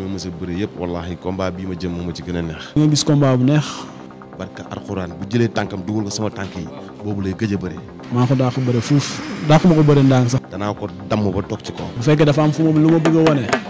li ma mës a bëri yëpp wallaahi combat bii ma jëm moo ma ci gën a neex. li ma gis combat bu neex. barka alxuraan bu jëlee tànkam dugal ko sama tànk yi boobu lay gëj a bëri. maa ko daa ko fuuf daa ko ma ko sax. danaa ko damm ba toog ci kaw. bu fekkee dafa am fu mu lu ma bëgg a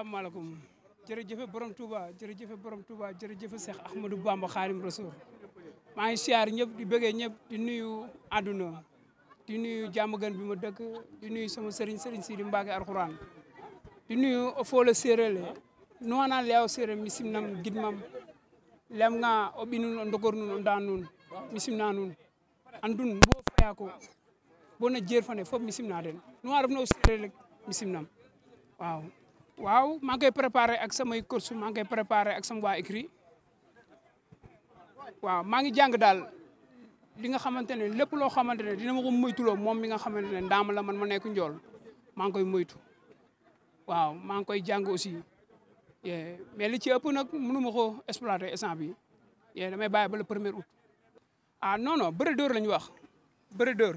salaamaaleykum jërëjëf borom Touba jërëjëf borom Touba jërëjëf Seex Ahmadou Bamba Xaadim Rasuul maa ngi siyaar ñëpp di bëggee ñëpp di nuyu àdduna di nuyu jàmm gën bi ma dëkk di nuyu sama sëriñ sëriñ Sidi Mbacke Alxuraan di nuyu o foole séeréele nuwanaa leyaw séeré mi simnam gidmam lem nga o ɓi nun o ndogor nun o nda nun mi simna nun andun bo faya ko bo na jeer fane fof mi simna den nuwa refna o séeréer rek mi simnam waaw waaw maa ngi koy préparé ak samay course maa ngi koy préparé ak sama waa écrit waaw maa ngi jàng daal li nga xamante ne lépp loo xamante ne dina ma ko moytuloo moom mi nga xamante ne ndaama la man ma nekk njool maa ngi koy moytu waaw maa ngi koy jàng aussi mais li ci ëpp nag mënu ma ko exploité instant bi na bàyyi ba le premier août ah non non bëre dóor la ñu wax bëre dóor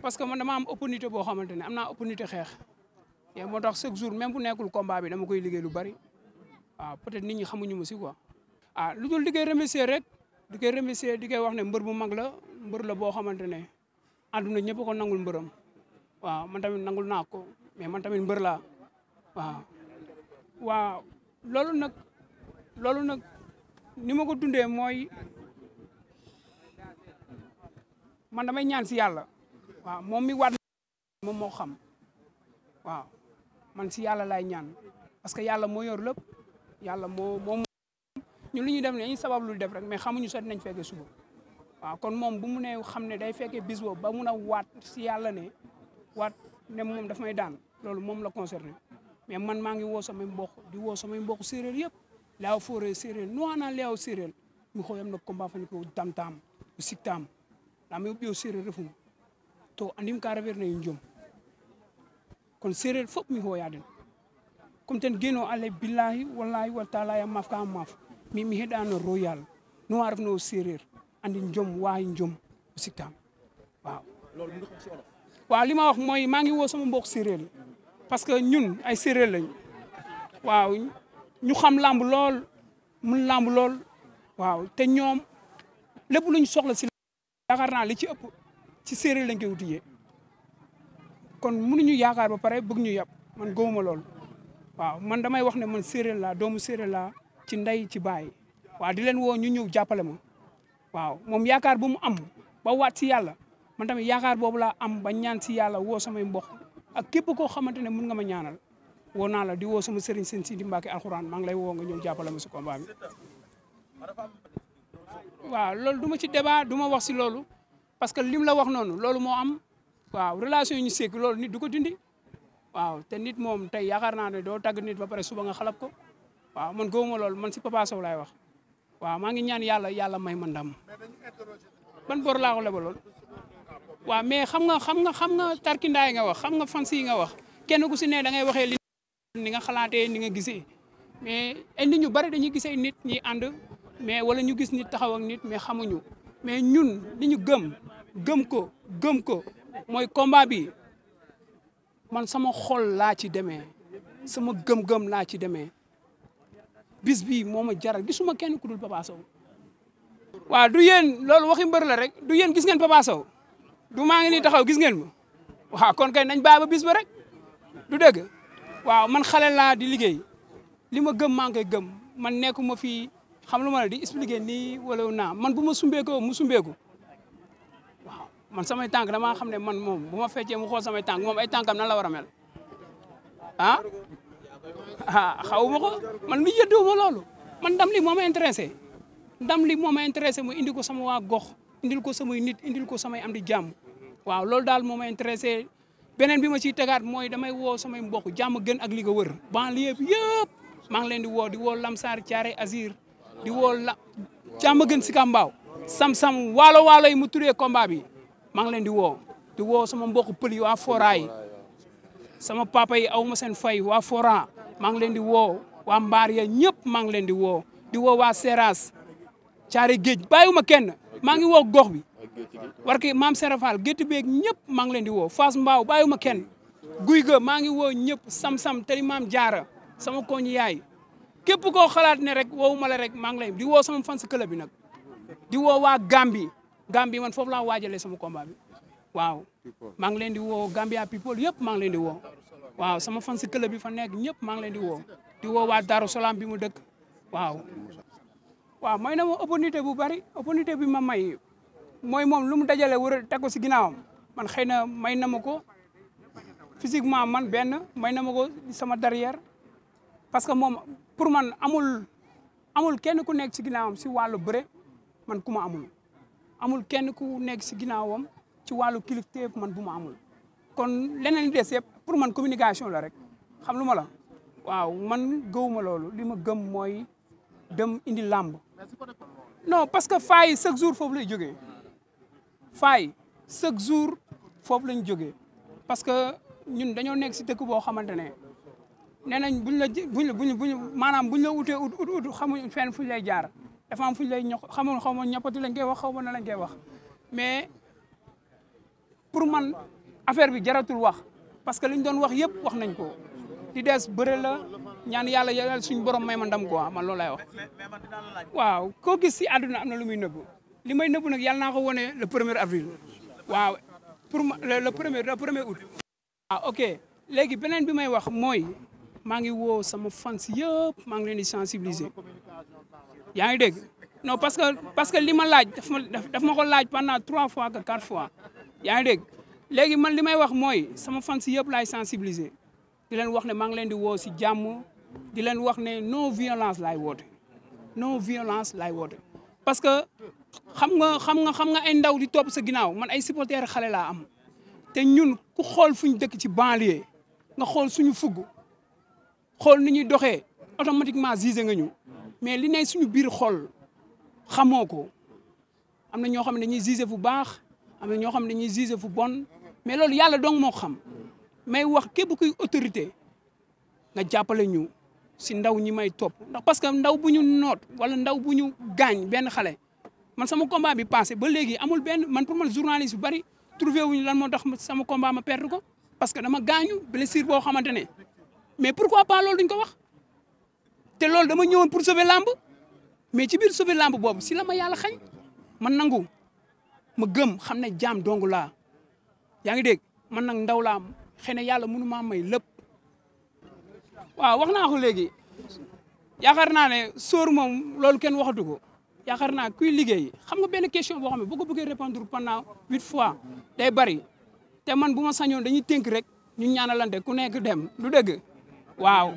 parce que man dama am opportunité boo xamante ne am naa opportunité xeex te moo tax chaque jour même bu nekkul kombaabi bi dama koy liggéey lu bari waaw ah, peut-être nit ñi xamuñu ma si quoi. ah lu dul di koy remercier rek di koy remercier di koy wax ne mbër bu mag la mbër la boo xamante ne àdduna ñëpp ko nangul mbëram waaw man tamit nangul naa ko mais man tamit mbër laa waaw. waaw loolu nag loolu nag ni ma ko dundee mooy man damay ñaan si yàlla waaw moom mi waat moom moo xam waaw man si yàlla laay ñaan parce que yàlla moo yor lépp yàlla moo moom ñun lu ñu def ne ñu sabab lu def rek mais xamuñu sax nañ fekkee suba waaw kon moom bu mu nee xam ne day fekkee bis boobu ba mun a waat si yàlla ne waat ne moom daf may daan loolu moom la concerné mais man maa ngi woo samay mbokk di woo samay mbokk séeréer yëpp laaw fooree séeréer noana leew séeréer mi xooyam mu combat fañ ko tam tam siktam lami ɓiyo séeréer refum to andim ka refer na jom kon séeréer fof mi hoyaden comme ten gueno alay billahi wallahi wa taala maaf ka maaf min mi heeɗano royal no warno séeréer andi joom waawi joom o sikkama waaw li ma wax mooy maa ngi woo sama mbokk séeréer parce que ñun ay séeréer lañ waaw ñu xam làmb lool mun làmb lool waaw te ñoom lépp lu ñu soxla si yaakaar naa li ci ëpp ci séeréer lañ koy wutiyee kon mënuñu yaakaar ba pare bëgg ñu yab man gëwuma loolu waaw man damay wax ne man séeréer laa doomu séeréer laa ci ndey ci baay waaw di leen woo ñu ñëw jàppale ma waaw moom yaakaar bu mu am ba waat si yàlla man tamit yaakaar boobu laa am ba ñaan si yàlla woo samay mbokk ak képp koo xamante ne mun nga ma ñaanal woo naa la di woo sama sëriñ seen Sidi Mbacke alxuraan maa ngi lay woo nga ñëw jàppale ma si combat waaw loolu duma ci debaa du ma wax si loolu parce que lim la wax noonu loolu moo am waaw relation yi ñu seeg loolu nit du ko dindi waaw te nit moom tey yaakaar naa ne doo tàgg nit ba pare suba nga xalab ko waaw man gëwuma lool man si Papa Sow wax waaw maa ngi ñaan yàlla yàlla may ma ndam ban bor laa ko lebaloon waaw mais xam nga xam nga xam nga tarkindaay nga wax xam nga fans yi nga wax kenn ku si ne dangay waxee li ni nga xalaatee ni nga gisee mais ay nit ñu bari dañuy gisee nit ñi ànd mais wala ñu gis nit taxawak ak nit mais xamuñu mais ñun li ñu gëm gëm ko gëm ko mooy komba bi man sama xol laa ci demee sama gëm-gëm laa ci demee bis bi mooma jara jaral gisuma kenn ku dul Papa Sow waaw du yéen loolu waxi mbër la rek du yéen gis ngeen Papa Sow du maa ngi nii taxaw gis ngeen ma waaw kon kay nañ bàyyi ba bis ba rek du dëgg waaw man xale laa di liggéey li ma gëm maa ngi gëm man nekkuma fii xam lu ma la di expliquer nii wala naa man bu ma sumbeekoo mu sumbeeku man samay tànk damaa xam ne man moom bu ma feccee mu xool samay tànk moom ay tànkam nan la war a mel ah? xaw ma ko man mi yëddu ma loolu man ndam li moo ma intéressé ndam li moo ma mu indi ko sama waa gox indil ko samay nit indil ko samay am di jàmm waaw loolu daal moo ma beneen bi ma ciy tegaat mooy damay woo samay mbokk jàmm gën ak li ko wër banlieue bi yëpp maa ngi leen di woo di woo Lamsar Thiaré asir di woo la jàmm gën si Kambaaw sam-sam waalo waalo yi mu turee combat bi maa ngi leen di woo di woo sama mbokk pël yi waa Fora yi sama papa yi aw ma seen fay waa Fora maa ngi leen di woo waa Mbaar ñëpp maa ngi leen di woo di woo waa Seras caari géej bàyyiwuma kenn maa ngi woo gox bi war ki maam Serafal gétt ñëpp maa leen di woo Fass Mbaaw baay bàyyiwuma kenn guy ga maa ngi woo ñëpp sam-sam tali maam jaara sama koñ yaay képp koo xalaat ne rek woowu ma la rek maa ngi lay di woo sama fans club bi nag di woo waa Gambie Gambie man foofu laa waajalee sama combat waaw. maa ngi leen di woo Gambia people yëpp maa ngi leen di woo waaw sama fan si club bi fa nekk ñëpp maa leen di woo di woo waa Darou bi mu dëkk waaw. waaw may na ma opportunité bu bari opportunité bi ma may mooy moom lu mu dajale war a teg ko si ginnaawam man xëy na may na ma ko physiquement man benn may na ma ko sama derrière parce que moom pour man amul amul kenn ku nekk si ginnaawam si wàllu bëre man ku ma amul. amul kenn ku nekk si ginnaawam ci wàllu kilifteef man bu ma amul. kon leneen li des yëpp pour man communication la rek xam lu ma la waaw man gëwuma loolu li ma gëm mooy dem indi làmb non parce que faay chaque jour foofu lay jógee faay chaque jour foofu lañ jógee parce que ñun dañoo nekk si dëkk boo xamante ne nee nañ buñ la buñ la buñ buñ maanaam buñ la utee ut ut ut xamuñ fenn fuñ lay jaar. dafa am fu ñu lay ño xamoon xaw ma ñappati lañ koy wax xaw ma na lañ koy wax mais pour man affaire bi jaratul wax parce que li ñu doon wax yëpp wax nañ ko di des bëre la ñaan yàlla yàlla suñu borom may ma ndam ko man loolu lay wax. waaw koo gis si àdduna am na lu muy nëbb li may nëbb nag yàlla naa ko wone le premier avril waaw pour le premier le premier août. waaw ah, ok léegi beneen bi may wax mooy maa ngi woo sama fans yëpp maa ngi leen di sensibiliser. yaa ngi dégg non parce que parce que li ma laaj daf ma daf ma ko laaj pendant trois fois que quatre fois yaa ngi dégg léegi man li may wax mooy sama fan si yëpp laay sensibiliser di leen wax ne maa ngi leen di woo si jàmm di leen wax ne non violence laay woote non violence laay woote parce que xam nga xam nga xam nga ay ndaw di topp sa ginnaaw man ay supporter xale laa am te ñun ku xool fu ñu dëkk ci banlieue nga xool suñu fugg xool ni ñuy doxee automatiquement gisé nga ñu mais li ne suñu biir xol xamoo ko am na ñoo xam ne dañuy gisé fu baax am na ñoo xam ne dañuy gisé fu bon mais loolu yàlla dong moo xam mais wax képp kuy autorité nga jàppale ñu si ndaw ñi may topp ndax que ndaw bu ñu noot wala ndaw bu ñu gaañ benn xale man sama combat bi passé ba léegi amul benn man pour man journaliste yu bëri trouvé wuñu lan moo tax sama combat ma perdre ko parce que dama gaañu blessure boo xamante ne mais pourquoi pas loolu duñ ko wax te loolu dama ñëwoon pour sauver lamb mais ci biir sauver lamb boobu si la ma yàlla xañ man nangu ma gëm xam ne jaam dong laa yaa ngi dégg man nag ndaw laa xëy na yàlla mënu may lépp waaw wax naa ko léegi yaakaar naa ne sóor moom loolu kenn waxatu ko yaakaar naa kuy liggéey xam nga benn question boo xam ne boo ko bëggee répondre pendant huit fois day bari te man bu ma sañoon dañuy tënk rek ñu ñaanalante ku nekk dem lu dëgg waaw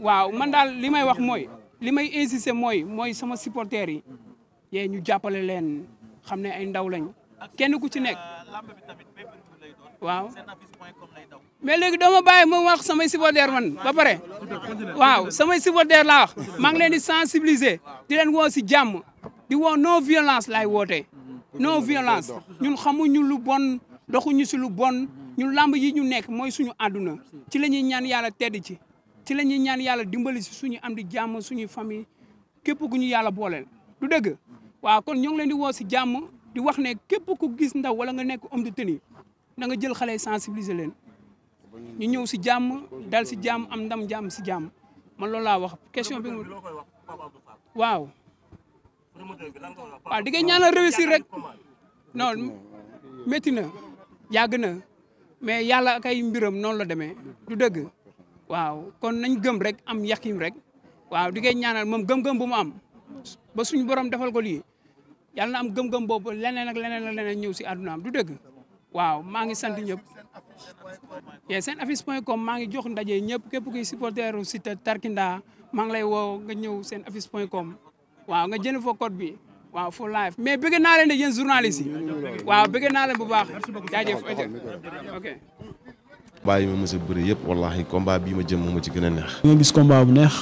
waaw man daal li may wax mooy li may insister mooy mooy sama supporters yi yee ñu jàppale leen xam ne ay ndaw lañ kenn ku ci nekk waaw mais léegi doo ma bàyyi wax samay supporters man ba pare waaw samay supporters laa wax maa ngi leen di sensibiliser di leen woo si jàmm di woo non violence laay wootee non violence ñun xamuñu lu bon doxuñu si lu bon ñu làmb yi ñu nekk mooy suñu àdduna ci la ñuy ñaan yàlla tedd ci ci la ñuy ñaan yàlla dimbali si suñu am di jàmm suñu famille képp ku ñu yàlla booleel du dëgg waaw kon ñoo ngi leen di woo si jàmm di wax ne képp ku gis ndaw wala nga nekk homme de na nga jël xale yi sensibiliser leen ñu ñëw si jàmm dal si jàmm am ndam jàmm si jàmm ma loolu laa wax question bi waaw waaw di nga ñaanal réussir rek non métti na yàgg na mais yàlla kay mbiram noonu la demee du dëgg waaw kon nañ gëm rek am yaqim rek waaw di koy ñaanal moom gëm-gëm bu mu am ba suñu borom defal ko lii yàlla na am gëm-gëm boobu leneen ak leneen ak leneen ñëw si àddunaam du dëgg waaw maa ngi sant ñëpp ye seen affiche point com maa ngi jox ndaje ñëpp képp kuy supporteru Siteu Tarkinda maa ngi lay woo nga ñëw seen affiche point com waaw nga jënd fa code bi waaw full mais bëgg naa leen de yéen waaw bëgg naa bu baax jaajëf ok combat yi ma mës a bëri yëpp wallahi combat bi ma jëm moo ma ci gën a neex di nga gis combat bu neex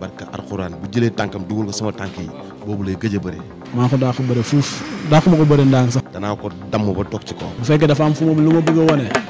barka alxuraan bu jëlee tànkam dugal ko sama tànk yi boobu lay gëj a bëri maa ko daa ko bëri fuuf daa ma ko bëri ndànk sax danaa ko damm ba toog ci kaw bu fekkee dafa am fu moom lu ma bëgg a